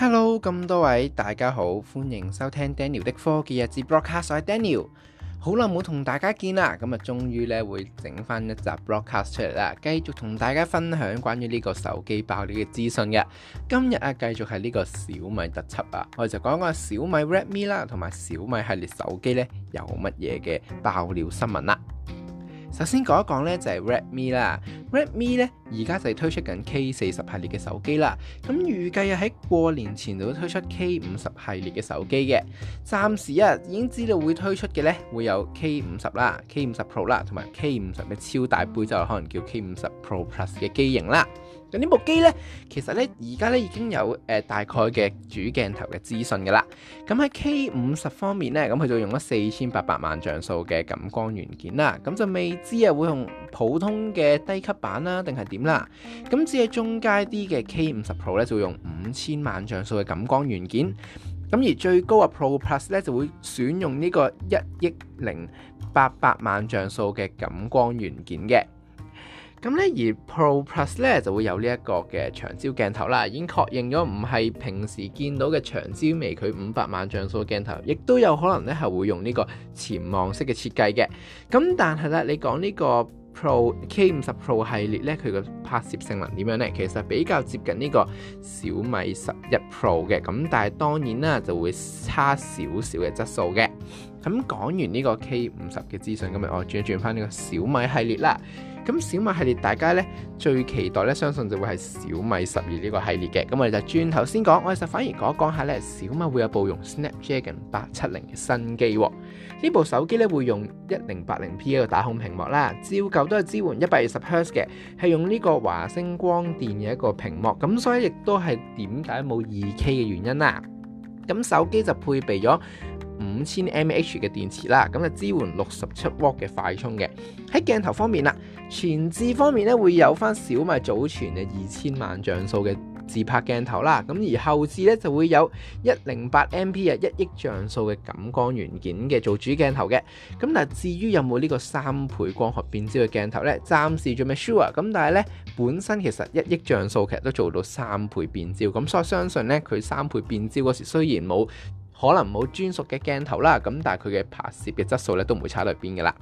Hello，咁多位大家好，歡迎收聽 Daniel 的科技日志 broadcast，我係 Daniel，好耐冇同大家見啦，咁啊終於咧會整翻一集 broadcast 出嚟啦，繼續同大家分享關於呢個手機爆料嘅資訊嘅，今日啊繼續係呢個小米特輯啊，我哋就講講小米 Redmi 啦，同埋小米系列手機咧有乜嘢嘅爆料新聞啦。首先講一講咧，就係 Redmi 啦。Redmi 咧，而家就係推出緊 K 四十系列嘅手機啦。咁預計啊，喺過年前就會推出 K 五十系列嘅手機嘅。暫時啊，已經知道會推出嘅咧，會有 K 五十啦、K 五十 Pro 啦，同埋 K 五十嘅超大杯就可能叫 K 五十 Pro Plus 嘅機型啦。咁呢部機呢，其實呢，而家呢已經有誒、呃、大概嘅主鏡頭嘅資訊噶啦。咁喺 K 五十方面呢，咁佢就用咗四千八百萬像素嘅感光元件啦。咁就未知啊會用普通嘅低級版啦，定係點啦？咁只係中階啲嘅 K 五十 Pro 呢，就會用五千萬像素嘅感光元件。咁而最高啊 Pro Plus 呢，就會選用呢個一億零八百萬像素嘅感光元件嘅。咁咧，而 Pro Plus 咧就會有呢一個嘅長焦鏡頭啦，已經確認咗唔係平時見到嘅長焦微距五百萬像素鏡頭，亦都有可能咧係會用呢個潛望式嘅設計嘅。咁但係咧，你講呢個 Pro K 五十 Pro 系列咧，佢嘅拍攝性能點樣呢？其實比較接近呢個小米十一 Pro 嘅。咁但係當然啦，就會差少少嘅質素嘅。咁講完呢個 K 五十嘅資訊，今日我轉一轉翻呢個小米系列啦。咁小米系列大家咧最期待咧，相信就會係小米十二呢個系列嘅。咁我哋就轉頭先講，我哋就反而講一講下咧，小米會有部用 Snapdragon 八七零嘅新機，哦，呢部手機咧會用一零八零 P 一個打孔屏幕啦，照舊都係支援一百二十 Hz 嘅，係用呢個華星光電嘅一個屏幕，咁所以亦都係點解冇二 K 嘅原因啦。咁手機就配備咗。五千 mAh 嘅電池啦，咁就支援六十七 W 嘅快充嘅。喺鏡頭方面啦，前置方面咧會有翻小米祖傳嘅二千萬像素嘅自拍鏡頭啦，咁而後置咧就會有一零八 MP 嘅一億像素嘅感光元件嘅做主鏡頭嘅。咁但，至於有冇呢個三倍光學變焦嘅鏡頭咧，暫時仲未 sure。咁但係咧，本身其實一億像素其實都做到三倍變焦，咁所以我相信咧佢三倍變焦嗰時雖然冇。可能冇專屬嘅鏡頭啦，咁但係佢嘅拍攝嘅質素咧都唔會差到邊噶啦。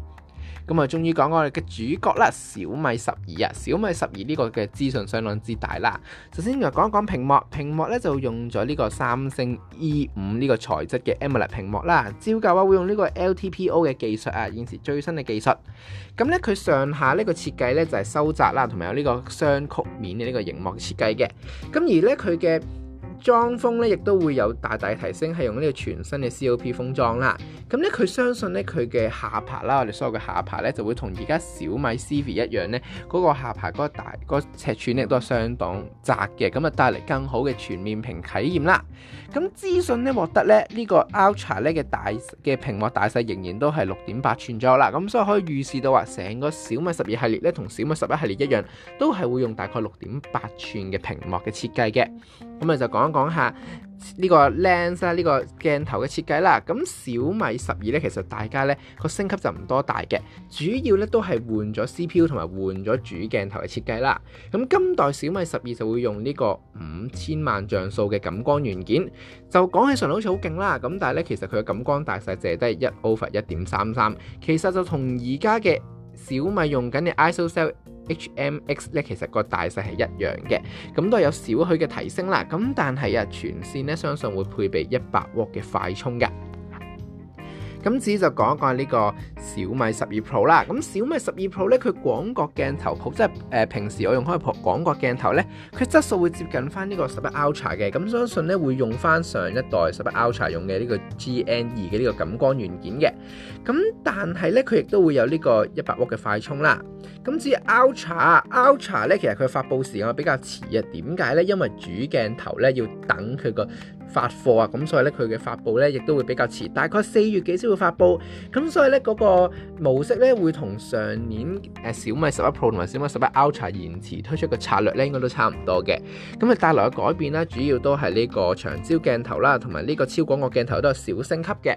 咁啊，終於講講我哋嘅主角啦，小米十二啊，小米十二呢個嘅資訊相當之大啦。首先嚟講一講屏幕，屏幕咧就用咗呢個三星 E 五呢個材質嘅 AMOLED 屏幕啦。照舊話會用呢個 LTPO 嘅技術啊，現時最新嘅技術。咁咧佢上下呢個設計咧就係收窄啦，同埋有呢個雙曲面嘅呢個熒幕設計嘅。咁而咧佢嘅。裝風咧，亦都會有大大提升，係用呢個全新嘅 C.O.P. 封裝啦。咁、嗯、咧，佢相信咧，佢嘅下巴啦，我哋所有嘅下巴咧，就會同而家小米 Civi 一樣咧，嗰、那個下巴、嗰個大個尺寸咧都係相當窄嘅，咁啊帶嚟更好嘅全面屏體驗啦。咁資訊咧獲得咧，呢、這個 Ultra 咧嘅大嘅屏幕大細仍然都係六點八寸左右啦。咁、嗯、所以可以預示到話，成個小米十二系列咧，同小米十一系列一樣，都係會用大概六點八寸嘅屏幕嘅設計嘅。咁啊，就講一講下呢個 lens 啦，呢個鏡頭嘅設計啦。咁小米十二呢，其實大家呢個升級就唔多大嘅，主要呢都係換咗 CPU 同埋換咗主鏡頭嘅設計啦。咁今代小米十二就會用呢個五千萬像素嘅感光元件，就講起上嚟好似好勁啦。咁但係呢，其實佢嘅感光大細淨係得一 over 一點三三，33，其實就同而家嘅。小米用緊嘅 ISOCELL HMX 咧，其實個大細係一樣嘅，咁都係有少許嘅提升啦。咁但係啊，全線咧相信會配備一百瓦嘅快充㗎。咁至於就講一講呢個小米十二 Pro 啦。咁小米十二 Pro 呢，佢廣角鏡頭好，即係誒、呃、平時我用開普廣角鏡頭呢，佢質素會接近翻呢個十一 Ultra 嘅。咁相信呢會用翻上一代十一 Ultra 用嘅呢個 GN2 嘅呢個感光元件嘅。咁但係呢，佢亦都會有呢個一百瓦嘅快充啦。咁至於 Ultra，Ultra 呢其實佢發布時間比較遲啊。點解呢？因為主鏡頭呢要等佢個發貨啊，咁所以咧佢嘅發佈咧亦都會比較遲，大概四月幾先會發佈。咁所以咧嗰個模式咧會同上年誒小米十一 Pro 同埋小米十一 Ultra 延遲推出嘅策略咧應該都差唔多嘅。咁啊帶來嘅改變咧主要都係呢個長焦鏡頭啦，同埋呢個超廣角鏡頭都係小升級嘅。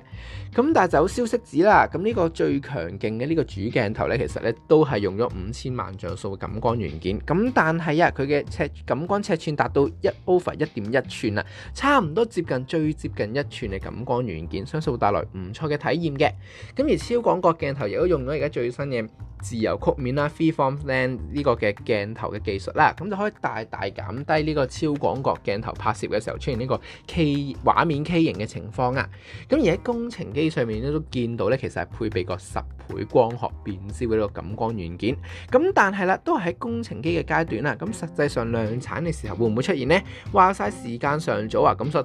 咁但係就有消息指啦，咁呢個最強勁嘅呢個主鏡頭咧，其實咧都係用咗五千萬像素嘅感光元件。咁但係啊，佢嘅尺感光尺寸達到一 over 一點一寸啦，差唔多。都接近最接近一寸嘅感光元件，相信會帶來唔錯嘅體驗嘅。咁而超廣角鏡頭亦都用咗而家最新嘅自由曲面啦 （freeform l a n s 呢個嘅鏡頭嘅技術啦，咁就可以大大減低呢個超廣角鏡頭拍攝嘅時候出現呢個 K 畫面 K 型嘅情況啊。咁而喺工程機上面咧都見到咧，其實係配備個十倍光學變焦嘅呢個感光元件。咁但係啦，都係喺工程機嘅階段啦。咁實際上量產嘅時候會唔會出現咧？話晒時間上早啊，咁所。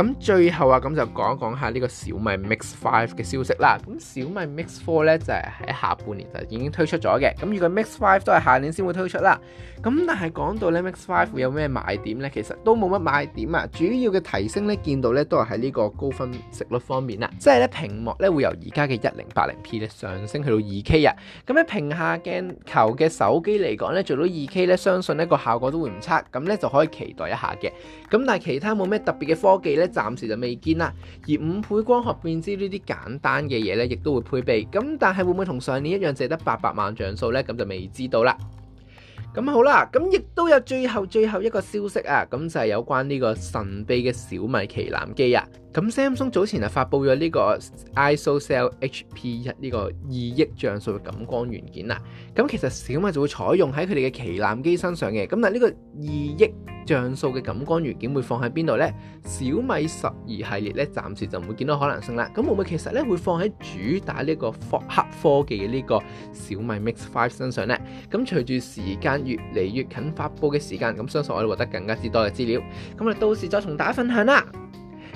咁最後啊，咁就講一講下呢個小米 Mix Five 嘅消息啦。咁小米 Mix Four 咧就係喺下半年就已經推出咗嘅。咁如果 Mix Five 都係下年先會推出啦。咁但係講到咧 Mix Five 有咩賣點咧，其實都冇乜賣點啊。主要嘅提升咧，見到咧都係喺呢個高分析率方面啦。即係咧屏幕咧會由而家嘅一零八零 P 咧上升去到二 K 啊。咁喺屏下鏡球嘅手機嚟講咧做到二 K 咧，相信呢個效果都會唔差。咁咧就可以期待一下嘅。咁但係其他冇咩特別嘅科技咧。暫時就未見啦，而五倍光學變焦呢啲簡單嘅嘢咧，亦都會配備咁，但係會唔會同上年一樣淨得八百萬像素咧？咁就未知道啦。咁好啦，咁亦都有最後最後一個消息啊！咁就係有關呢個神秘嘅小米旗艦機啊。咁 Samsung 早前就發布咗呢個 ISOCELL HP 一呢個二億像素嘅感光元件啦。咁其實小米就會採用喺佢哋嘅旗艦機身上嘅。咁但呢個二億像素嘅感光元件會放喺邊度呢？小米十二系列咧暫時就唔會見到可能性啦。咁會唔會其實咧會放喺主打呢個黑科技嘅呢個小米 Mix Five 身上呢？咁隨住時間越嚟越近發佈嘅時間，咁相信我哋獲得更加之多嘅資料。咁我哋到時再同大家分享啦。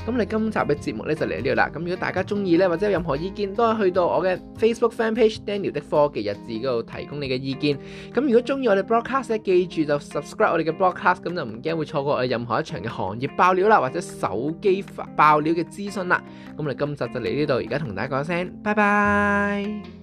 咁我哋今集嘅節目咧就嚟呢度啦。咁如果大家中意呢，或者有任何意見，都係去到我嘅 Facebook Fan Page Daniel 的科技日誌嗰度提供你嘅意見。咁如果中意我哋 Broadcast 咧，記住就 Subscribe 我哋嘅 Broadcast，咁就唔驚會錯過我任何一場嘅行業爆料啦，或者手機爆料嘅資訊啦。咁我哋今集就嚟呢度，而家同大家講聲，拜拜。